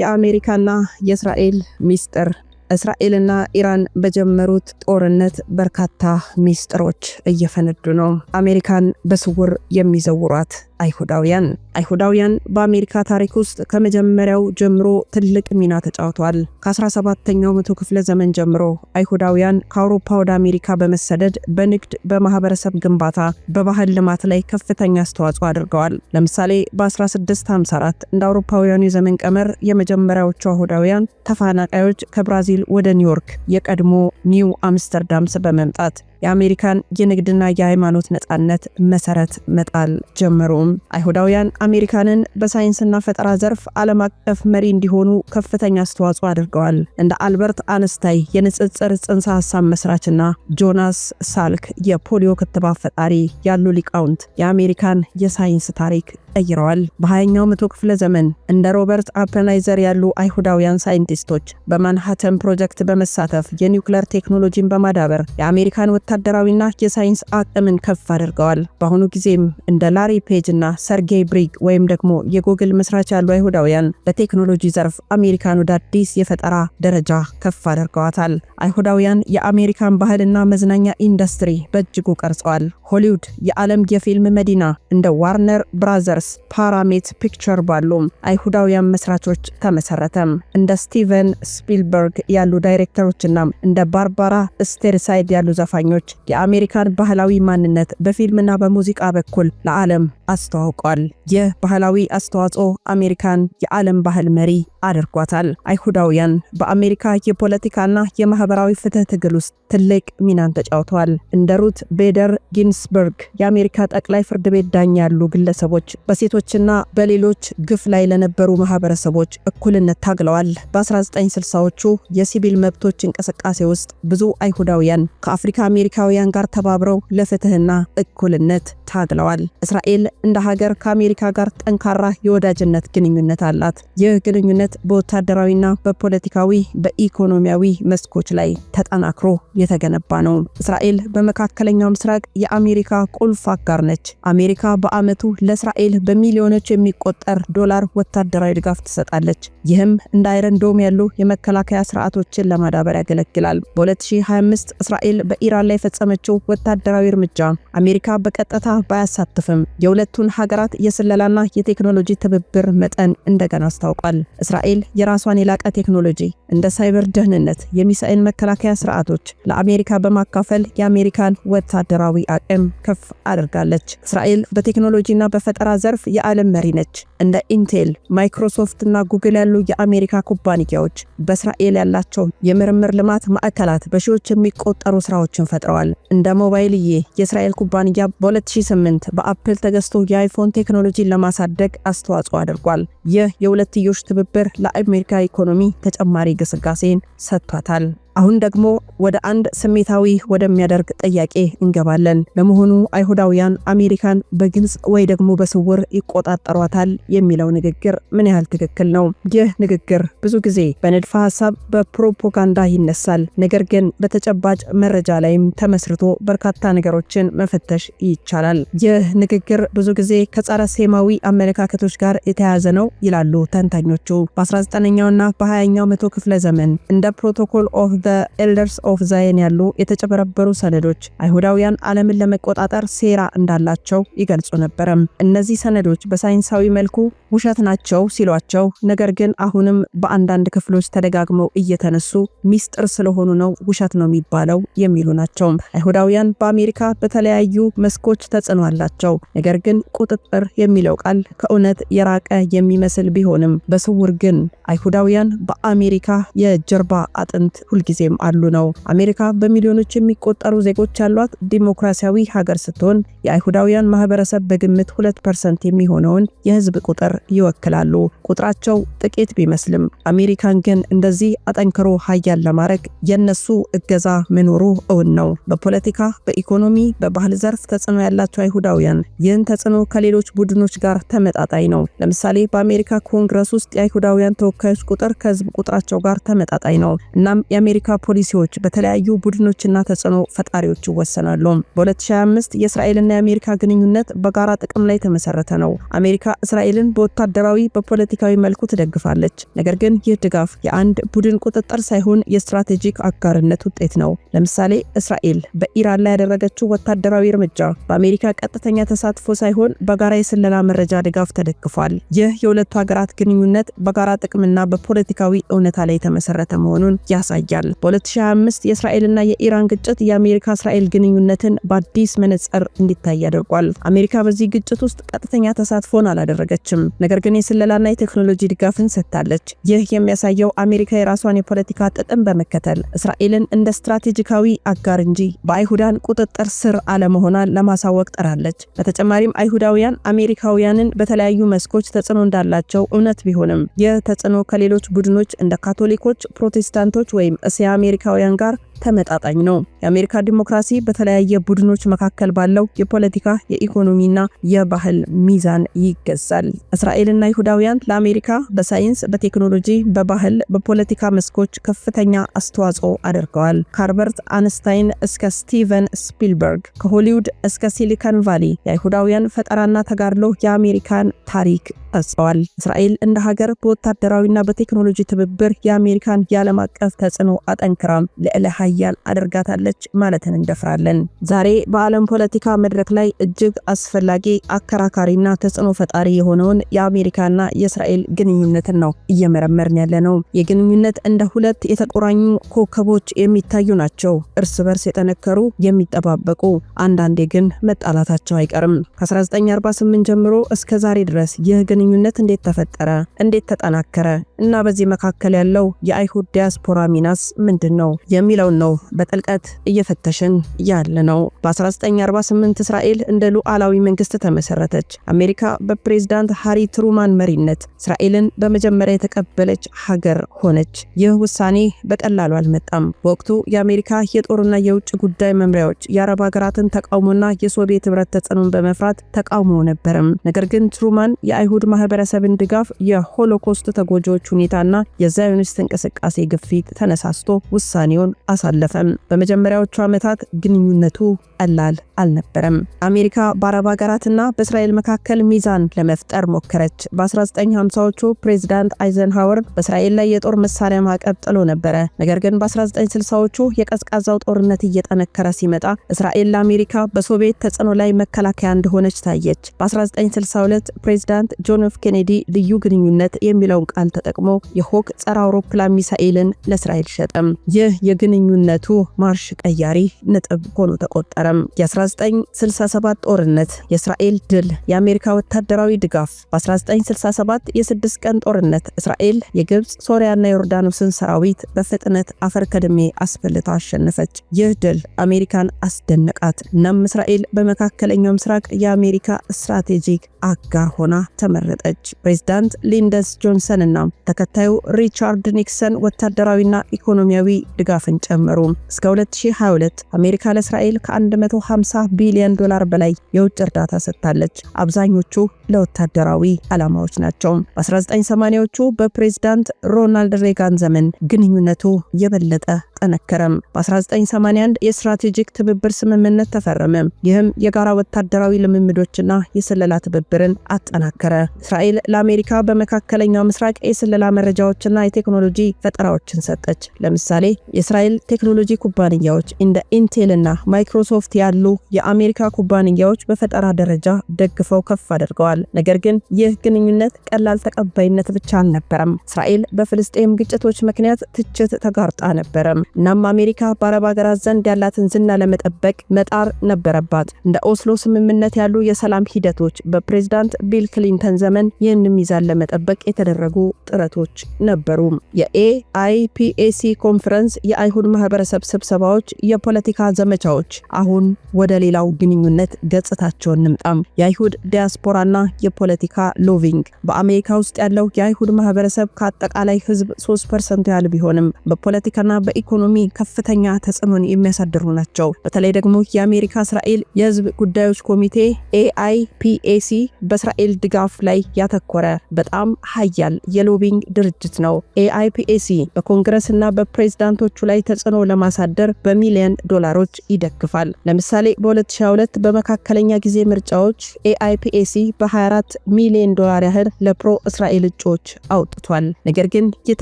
የአሜሪካና የእስራኤል ሚስጥር እስራኤልና ኢራን በጀመሩት ጦርነት በርካታ ሚስጥሮች እየፈነዱ ነው። አሜሪካን በስውር የሚዘውሯት አይሁዳውያን አይሁዳውያን በአሜሪካ ታሪክ ውስጥ ከመጀመሪያው ጀምሮ ትልቅ ሚና ተጫውተዋል። ከ17ኛው መቶ ክፍለ ዘመን ጀምሮ አይሁዳውያን ከአውሮፓ ወደ አሜሪካ በመሰደድ በንግድ፣ በማህበረሰብ ግንባታ፣ በባህል ልማት ላይ ከፍተኛ አስተዋጽኦ አድርገዋል። ለምሳሌ በ1654 እንደ አውሮፓውያኑ የዘመን ቀመር የመጀመሪያዎቹ አይሁዳውያን ተፈናቃዮች ከብራዚል ወደ ኒውዮርክ የቀድሞ ኒው አምስተርዳምስ በመምጣት የአሜሪካን የንግድና የሃይማኖት ነፃነት መሰረት መጣል ጀመሩም። አይሁዳውያን አሜሪካንን በሳይንስና ፈጠራ ዘርፍ ዓለም አቀፍ መሪ እንዲሆኑ ከፍተኛ አስተዋጽኦ አድርገዋል። እንደ አልበርት አነስታይ የንጽጽር ጽንሰ ሀሳብ መስራችና ጆናስ ሳልክ የፖሊዮ ክትባት ፈጣሪ ያሉ ሊቃውንት የአሜሪካን የሳይንስ ታሪክ ቀይረዋል። በ20ኛው መቶ ክፍለ ዘመን እንደ ሮበርት አፐናይዘር ያሉ አይሁዳውያን ሳይንቲስቶች በማንሃተን ፕሮጀክት በመሳተፍ የኒውክለር ቴክኖሎጂን በማዳበር የአሜሪካን ወታደራዊና የሳይንስ አቅምን ከፍ አድርገዋል። በአሁኑ ጊዜም እንደ ላሪ ፔጅ እና ሰርጌይ ብሪግ ወይም ደግሞ የጎግል መስራች ያሉ አይሁዳውያን በቴክኖሎጂ ዘርፍ አሜሪካን ወደ አዲስ የፈጠራ ደረጃ ከፍ አድርገዋታል። አይሁዳውያን የአሜሪካን ባህልና መዝናኛ ኢንዱስትሪ በእጅጉ ቀርጸዋል። ሆሊውድ የዓለም የፊልም መዲና እንደ ዋርነር ብራዘርስ ቶማስ ፓራሜት ፒክቸር ባሉ አይሁዳውያን መስራቾች ተመሰረተ እንደ ስቲቨን ስፒልበርግ ያሉ ዳይሬክተሮችና እንደ ባርባራ ስቴርሳይድ ያሉ ዘፋኞች የአሜሪካን ባህላዊ ማንነት በፊልምና በሙዚቃ በኩል ለዓለም አስተዋውቋል። ይህ ባህላዊ አስተዋጽኦ አሜሪካን የዓለም ባህል መሪ አድርጓታል። አይሁዳውያን በአሜሪካ የፖለቲካና የማህበራዊ ፍትህ ትግል ውስጥ ትልቅ ሚናን ተጫውተዋል። እንደ ሩት ቤደር ጊንስበርግ የአሜሪካ ጠቅላይ ፍርድ ቤት ዳኛ ያሉ ግለሰቦች በሴቶችና በሌሎች ግፍ ላይ ለነበሩ ማህበረሰቦች እኩልነት ታግለዋል። በ1960ዎቹ የሲቪል መብቶች እንቅስቃሴ ውስጥ ብዙ አይሁዳውያን ከአፍሪካ አሜሪካውያን ጋር ተባብረው ለፍትህና እኩልነት ታግለዋል። እስራኤል እንደ ሀገር ከአሜሪካ ጋር ጠንካራ የወዳጅነት ግንኙነት አላት። ይህ ግንኙነት በወታደራዊና በፖለቲካዊ በኢኮኖሚያዊ መስኮች ላይ ተጠናክሮ የተገነባ ነው። እስራኤል በመካከለኛው ምስራቅ የአሜሪካ ቁልፍ አጋር ነች። አሜሪካ በዓመቱ ለእስራኤል በሚሊዮኖች የሚቆጠር ዶላር ወታደራዊ ድጋፍ ትሰጣለች። ይህም እንደ አይረን ዶም ያሉ የመከላከያ ስርዓቶችን ለማዳበር ያገለግላል። በ2025 እስራኤል በኢራን ላይ የፈጸመችው ወታደራዊ እርምጃ አሜሪካ በቀጥታ ባያሳትፍም የሁለቱን ሀገራት የስለላና የቴክኖሎጂ ትብብር መጠን እንደገና አስታውቋል። እስራኤል የራሷን የላቀ ቴክኖሎጂ እንደ ሳይበር ደህንነት፣ የሚሳኤል መከላከያ ስርዓቶች ለአሜሪካ በማካፈል የአሜሪካን ወታደራዊ አቅም ከፍ አድርጋለች። እስራኤል በቴክኖሎጂና በፈጠራ ዘ ዘርፍ የዓለም መሪ ነች። እንደ ኢንቴል፣ ማይክሮሶፍት እና ጉግል ያሉ የአሜሪካ ኩባንያዎች በእስራኤል ያላቸው የምርምር ልማት ማዕከላት በሺዎች የሚቆጠሩ ስራዎችን ፈጥረዋል። እንደ ሞባይልዬ የእስራኤል ኩባንያ በ2008 በአፕል ተገዝቶ የአይፎን ቴክኖሎጂን ለማሳደግ አስተዋጽኦ አድርጓል። ይህ የሁለትዮሽ ትብብር ለአሜሪካ ኢኮኖሚ ተጨማሪ ግስጋሴን ሰጥቷታል። አሁን ደግሞ ወደ አንድ ስሜታዊ ወደሚያደርግ ጥያቄ እንገባለን። ለመሆኑ አይሁዳውያን አሜሪካን በግልጽ ወይ ደግሞ በስውር ይቆጣጠሯታል የሚለው ንግግር ምን ያህል ትክክል ነው? ይህ ንግግር ብዙ ጊዜ በንድፈ ሀሳብ በፕሮፓጋንዳ ይነሳል። ነገር ግን በተጨባጭ መረጃ ላይም ተመስርቶ በርካታ ነገሮችን መፈተሽ ይቻላል። ይህ ንግግር ብዙ ጊዜ ከጸረ ሴማዊ አመለካከቶች ጋር የተያያዘ ነው ይላሉ ተንታኞቹ። በ19ኛውና በ20ኛው መቶ ክፍለ ዘመን እንደ ፕሮቶኮል ኦፍ በኤልደርስ ኦፍ ዛይን ያሉ የተጨበረበሩ ሰነዶች አይሁዳውያን ዓለምን ለመቆጣጠር ሴራ እንዳላቸው ይገልጹ ነበረም። እነዚህ ሰነዶች በሳይንሳዊ መልኩ ውሸት ናቸው ሲሏቸው፣ ነገር ግን አሁንም በአንዳንድ ክፍሎች ተደጋግመው እየተነሱ ሚስጥር ስለሆኑ ነው ውሸት ነው የሚባለው የሚሉ ናቸው። አይሁዳውያን በአሜሪካ በተለያዩ መስኮች ተጽዕኖ አላቸው። ነገር ግን ቁጥጥር የሚለው ቃል ከእውነት የራቀ የሚመስል ቢሆንም በስውር ግን አይሁዳውያን በአሜሪካ የጀርባ አጥንት ሁልጊዜ ጊዜም አሉ ነው። አሜሪካ በሚሊዮኖች የሚቆጠሩ ዜጎች ያሏት ዲሞክራሲያዊ ሀገር ስትሆን የአይሁዳውያን ማህበረሰብ በግምት ሁለት ፐርሰንት የሚሆነውን የህዝብ ቁጥር ይወክላሉ። ቁጥራቸው ጥቂት ቢመስልም አሜሪካን ግን እንደዚህ አጠንክሮ ሀያል ለማድረግ የነሱ እገዛ መኖሩ እውን ነው። በፖለቲካ፣ በኢኮኖሚ፣ በባህል ዘርፍ ተጽዕኖ ያላቸው አይሁዳውያን ይህን ተጽዕኖ ከሌሎች ቡድኖች ጋር ተመጣጣኝ ነው። ለምሳሌ በአሜሪካ ኮንግረስ ውስጥ የአይሁዳውያን ተወካዮች ቁጥር ከህዝብ ቁጥራቸው ጋር ተመጣጣኝ ነው። እናም የአሜሪካ የአሜሪካ ፖሊሲዎች በተለያዩ ቡድኖችና ተጽዕኖ ፈጣሪዎች ይወሰናሉ። በ2025 የእስራኤልና የአሜሪካ ግንኙነት በጋራ ጥቅም ላይ የተመሰረተ ነው። አሜሪካ እስራኤልን በወታደራዊ በፖለቲካዊ መልኩ ትደግፋለች። ነገር ግን ይህ ድጋፍ የአንድ ቡድን ቁጥጥር ሳይሆን የስትራቴጂክ አጋርነት ውጤት ነው። ለምሳሌ እስራኤል በኢራን ላይ ያደረገችው ወታደራዊ እርምጃ በአሜሪካ ቀጥተኛ ተሳትፎ ሳይሆን በጋራ የስለላ መረጃ ድጋፍ ተደግፏል። ይህ የሁለቱ ሀገራት ግንኙነት በጋራ ጥቅምና በፖለቲካዊ እውነታ ላይ የተመሰረተ መሆኑን ያሳያል። ተገልጿል። በ2025 የእስራኤልና የኢራን ግጭት የአሜሪካ እስራኤል ግንኙነትን በአዲስ መነጽር እንዲታይ አድርጓል። አሜሪካ በዚህ ግጭት ውስጥ ቀጥተኛ ተሳትፎን አላደረገችም፣ ነገር ግን የስለላና የቴክኖሎጂ ድጋፍን ሰጥታለች። ይህ የሚያሳየው አሜሪካ የራሷን የፖለቲካ ጥቅም በመከተል እስራኤልን እንደ ስትራቴጂካዊ አጋር እንጂ በአይሁዳን ቁጥጥር ስር አለመሆኗን ለማሳወቅ ጥራለች። በተጨማሪም አይሁዳውያን አሜሪካውያንን በተለያዩ መስኮች ተጽዕኖ እንዳላቸው እውነት ቢሆንም ይህ ተጽዕኖ ከሌሎች ቡድኖች እንደ ካቶሊኮች፣ ፕሮቴስታንቶች ወይም የአሜሪካውያን ጋር ተመጣጣኝ ነው። የአሜሪካ ዲሞክራሲ በተለያየ ቡድኖች መካከል ባለው የፖለቲካ የኢኮኖሚና የባህል ሚዛን ይገዛል። እስራኤልና ይሁዳውያን ለአሜሪካ በሳይንስ፣ በቴክኖሎጂ፣ በባህል፣ በፖለቲካ መስኮች ከፍተኛ አስተዋጽኦ አድርገዋል። ከአልበርት አንስታይን እስከ ስቲቨን ስፒልበርግ፣ ከሆሊውድ እስከ ሲሊከን ቫሊ የአይሁዳውያን ፈጠራና ተጋድሎ የአሜሪካን ታሪክ ቀርጸዋል። እስራኤል እንደ ሀገር በወታደራዊና በቴክኖሎጂ ትብብር የአሜሪካን የዓለም አቀፍ ተጽዕኖ አጠንክራም ልዕለ ሀያል አድርጋታለች ማለትን እንደፍራለን። ዛሬ በዓለም ፖለቲካ መድረክ ላይ እጅግ አስፈላጊ አከራካሪና ተጽዕኖ ፈጣሪ የሆነውን የአሜሪካና የእስራኤል ግንኙነትን ነው እየመረመርን ያለ ነው። የግንኙነት እንደ ሁለት የተቆራኙ ኮከቦች የሚታዩ ናቸው፣ እርስ በርስ የጠነከሩ የሚጠባበቁ፣ አንዳንዴ ግን መጣላታቸው አይቀርም። ከ1948 ጀምሮ እስከ ዛሬ ድረስ ይህ ግንኙነት እንዴት ተፈጠረ? እንዴት ተጠናከረ? እና በዚህ መካከል ያለው የአይሁድ ዲያስፖራ ሚናስ ምንድን ነው የሚለውን ነው በጥልቀት እየፈተሽን ያለ ነው። በ1948 እስራኤል እንደ ሉዓላዊ መንግስት ተመሰረተች። አሜሪካ በፕሬዝዳንት ሃሪ ትሩማን መሪነት እስራኤልን በመጀመሪያ የተቀበለች ሀገር ሆነች። ይህ ውሳኔ በቀላሉ አልመጣም። በወቅቱ የአሜሪካ የጦርና የውጭ ጉዳይ መምሪያዎች የአረብ ሀገራትን ተቃውሞና የሶቪየት ህብረት ተጽዕኖን በመፍራት ተቃውሞ ነበርም። ነገር ግን ትሩማን የአይሁድ ማህበረሰብን ድጋፍ፣ የሆሎኮስት ተጎጂዎች ሁኔታና የዛዮኒስት እንቅስቃሴ ግፊት ተነሳስቶ ውሳኔውን አሳ አሳለፈም። በመጀመሪያዎቹ ዓመታት ግንኙነቱ ቀላል አልነበረም። አሜሪካ በአረብ ሀገራትና በእስራኤል መካከል ሚዛን ለመፍጠር ሞከረች። በ1950ዎቹ ፕሬዚዳንት አይዘንሃወር በእስራኤል ላይ የጦር መሳሪያ ማዕቀብ ጥሎ ነበረ። ነገር ግን በ1960ዎቹ የቀዝቃዛው ጦርነት እየጠነከረ ሲመጣ እስራኤል ለአሜሪካ በሶቪየት ተጽዕኖ ላይ መከላከያ እንደሆነች ታየች። በ1962 ፕሬዚዳንት ጆን ኤፍ ኬኔዲ ልዩ ግንኙነት የሚለውን ቃል ተጠቅሞ የሆክ ጸረ አውሮፕላን ሚሳኤልን ለእስራኤል ሸጠም። ይህ የግንኙ ልዩነቱ ማርሽ ቀያሪ ነጥብ ሆኖ ተቆጠረም። የ1967 ጦርነት የእስራኤል ድል፣ የአሜሪካ ወታደራዊ ድጋፍ። በ1967 የስድስት ቀን ጦርነት እስራኤል የግብፅ ሶሪያና ዮርዳኖስን ሰራዊት በፍጥነት አፈር ከድሜ አስፈልታ አሸነፈች። ይህ ድል አሜሪካን አስደነቃት። እናም እስራኤል በመካከለኛው ምስራቅ የአሜሪካ ስትራቴጂክ አጋ ሆና ተመረጠች። ፕሬዚዳንት ሊንደስ ጆንሰንና ተከታዩ ሪቻርድ ኒክሰን ወታደራዊና ኢኮኖሚያዊ ድጋፍን ጨመሩ። እስከ 2022 አሜሪካ ለእስራኤል ከ150 ቢሊዮን ዶላር በላይ የውጭ እርዳታ ሰጥታለች። አብዛኞቹ ለወታደራዊ ዓላማዎች ናቸው። በ1980ዎቹ በፕሬዚዳንት ሮናልድ ሬጋን ዘመን ግንኙነቱ የበለጠ ጠነከረም። በ1981 የስትራቴጂክ ትብብር ስምምነት ተፈረመ። ይህም የጋራ ወታደራዊ ልምምዶችና የስለላ ትብብር ትብብርን አጠናከረ። እስራኤል ለአሜሪካ በመካከለኛው ምስራቅ የስለላ መረጃዎችና የቴክኖሎጂ ፈጠራዎችን ሰጠች። ለምሳሌ የእስራኤል ቴክኖሎጂ ኩባንያዎች እንደ ኢንቴል እና ማይክሮሶፍት ያሉ የአሜሪካ ኩባንያዎች በፈጠራ ደረጃ ደግፈው ከፍ አድርገዋል። ነገር ግን ይህ ግንኙነት ቀላል ተቀባይነት ብቻ አልነበረም። እስራኤል በፍልስጤም ግጭቶች ምክንያት ትችት ተጋርጣ ነበረም። እናም አሜሪካ በአረብ ሀገራት ዘንድ ያላትን ዝና ለመጠበቅ መጣር ነበረባት። እንደ ኦስሎ ስምምነት ያሉ የሰላም ሂደቶች በፕሬ ፕሬዚዳንት ቢል ክሊንተን ዘመን ይህን ሚዛን ለመጠበቅ የተደረጉ ጥረቶች ነበሩ። የኤአይፒኤሲ ኮንፈረንስ፣ የአይሁድ ማህበረሰብ ስብሰባዎች፣ የፖለቲካ ዘመቻዎች። አሁን ወደ ሌላው ግንኙነት ገጽታቸውን ንምጣም። የአይሁድ ዲያስፖራና የፖለቲካ ሎቪንግ። በአሜሪካ ውስጥ ያለው የአይሁድ ማህበረሰብ ከአጠቃላይ ህዝብ 3 ፐርሰንት ያህል ቢሆንም በፖለቲካና በኢኮኖሚ ከፍተኛ ተጽዕኖን የሚያሳድሩ ናቸው። በተለይ ደግሞ የአሜሪካ እስራኤል የህዝብ ጉዳዮች ኮሚቴ ኤአይፒኤሲ በእስራኤል ድጋፍ ላይ ያተኮረ በጣም ሀያል የሎቢንግ ድርጅት ነው። ኤአይፒኤሲ በኮንግረስና በፕሬዝዳንቶቹ ላይ ተጽዕኖ ለማሳደር በሚሊዮን ዶላሮች ይደግፋል። ለምሳሌ በ2022 በመካከለኛ ጊዜ ምርጫዎች ኤአይፒኤሲ በ24 ሚሊዮን ዶላር ያህል ለፕሮ እስራኤል እጩዎች አውጥቷል። ነገር ግን ይህ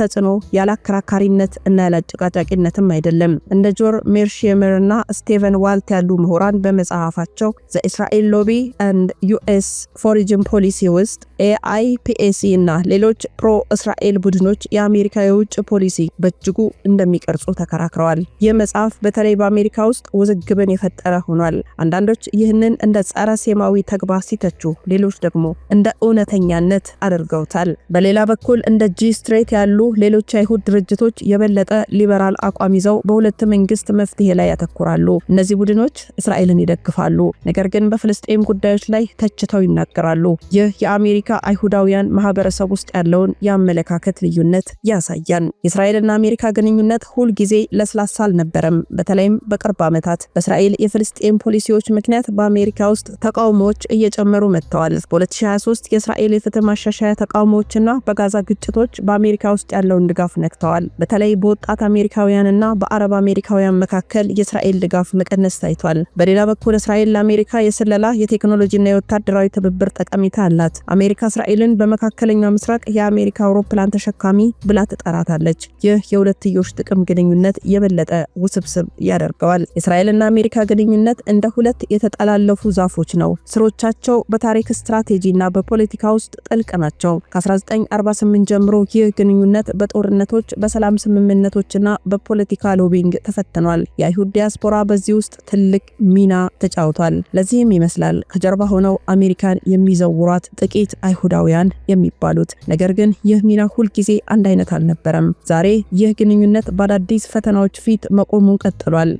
ተጽዕኖ ያለ አከራካሪነት እና ያለ አጨቃጫቂነትም አይደለም። እንደ ጆር ሜርሽየመር እና ስቴቨን ዋልት ያሉ ምሁራን በመጽሐፋቸው ዘ እስራኤል ሎቢ ኤንድ ዩኤስ ፎሪጅን ፖሊሲ ውስጥ ኤአይፒኤሲ እና ሌሎች ፕሮ እስራኤል ቡድኖች የአሜሪካ የውጭ ፖሊሲ በእጅጉ እንደሚቀርጹ ተከራክረዋል። ይህ መጽሐፍ በተለይ በአሜሪካ ውስጥ ውዝግብን የፈጠረ ሆኗል። አንዳንዶች ይህንን እንደ ጸረ ሴማዊ ተግባር ሲተቹ፣ ሌሎች ደግሞ እንደ እውነተኛነት አድርገውታል። በሌላ በኩል እንደ ጂ ስትሬት ያሉ ሌሎች አይሁድ ድርጅቶች የበለጠ ሊበራል አቋም ይዘው በሁለት መንግስት መፍትሄ ላይ ያተኩራሉ። እነዚህ ቡድኖች እስራኤልን ይደግፋሉ፣ ነገር ግን በፍልስጤም ጉዳዮች ላይ ተችተው ይናገራሉ ይናገራሉ። ይህ የአሜሪካ አይሁዳውያን ማህበረሰብ ውስጥ ያለውን የአመለካከት ልዩነት ያሳያል። የእስራኤልና አሜሪካ ግንኙነት ሁል ጊዜ ለስላሳ አልነበረም። በተለይም በቅርብ ዓመታት በእስራኤል የፍልስጤም ፖሊሲዎች ምክንያት በአሜሪካ ውስጥ ተቃውሞዎች እየጨመሩ መጥተዋል። በ2023 የእስራኤል የፍትህ ማሻሻያ ተቃውሞዎችና በጋዛ ግጭቶች በአሜሪካ ውስጥ ያለውን ድጋፍ ነክተዋል። በተለይ በወጣት አሜሪካውያንና በአረብ አሜሪካውያን መካከል የእስራኤል ድጋፍ መቀነስ ታይቷል። በሌላ በኩል እስራኤል ለአሜሪካ የስለላ የቴክኖሎጂና የወታደራዊ ትብብር የትብብር ጠቀሜታ አላት። አሜሪካ እስራኤልን በመካከለኛው ምስራቅ የአሜሪካ አውሮፕላን ተሸካሚ ብላ ትጠራታለች። ይህ የሁለትዮሽ ጥቅም ግንኙነት የበለጠ ውስብስብ ያደርገዋል። የእስራኤልና አሜሪካ ግንኙነት እንደ ሁለት የተጠላለፉ ዛፎች ነው። ስሮቻቸው በታሪክ ስትራቴጂ እና በፖለቲካ ውስጥ ጥልቅ ናቸው። ከ1948 ጀምሮ ይህ ግንኙነት በጦርነቶች በሰላም ስምምነቶችና በፖለቲካ ሎቢንግ ተፈትኗል። የአይሁድ ዲያስፖራ በዚህ ውስጥ ትልቅ ሚና ተጫውቷል። ለዚህም ይመስላል ከጀርባ ሆነው አሜሪካን የሚዘውሯት ጥቂት አይሁዳውያን የሚባሉት። ነገር ግን ይህ ሚና ሁልጊዜ አንድ አይነት አልነበረም። ዛሬ ይህ ግንኙነት በአዳዲስ ፈተናዎች ፊት መቆሙን ቀጥሏል።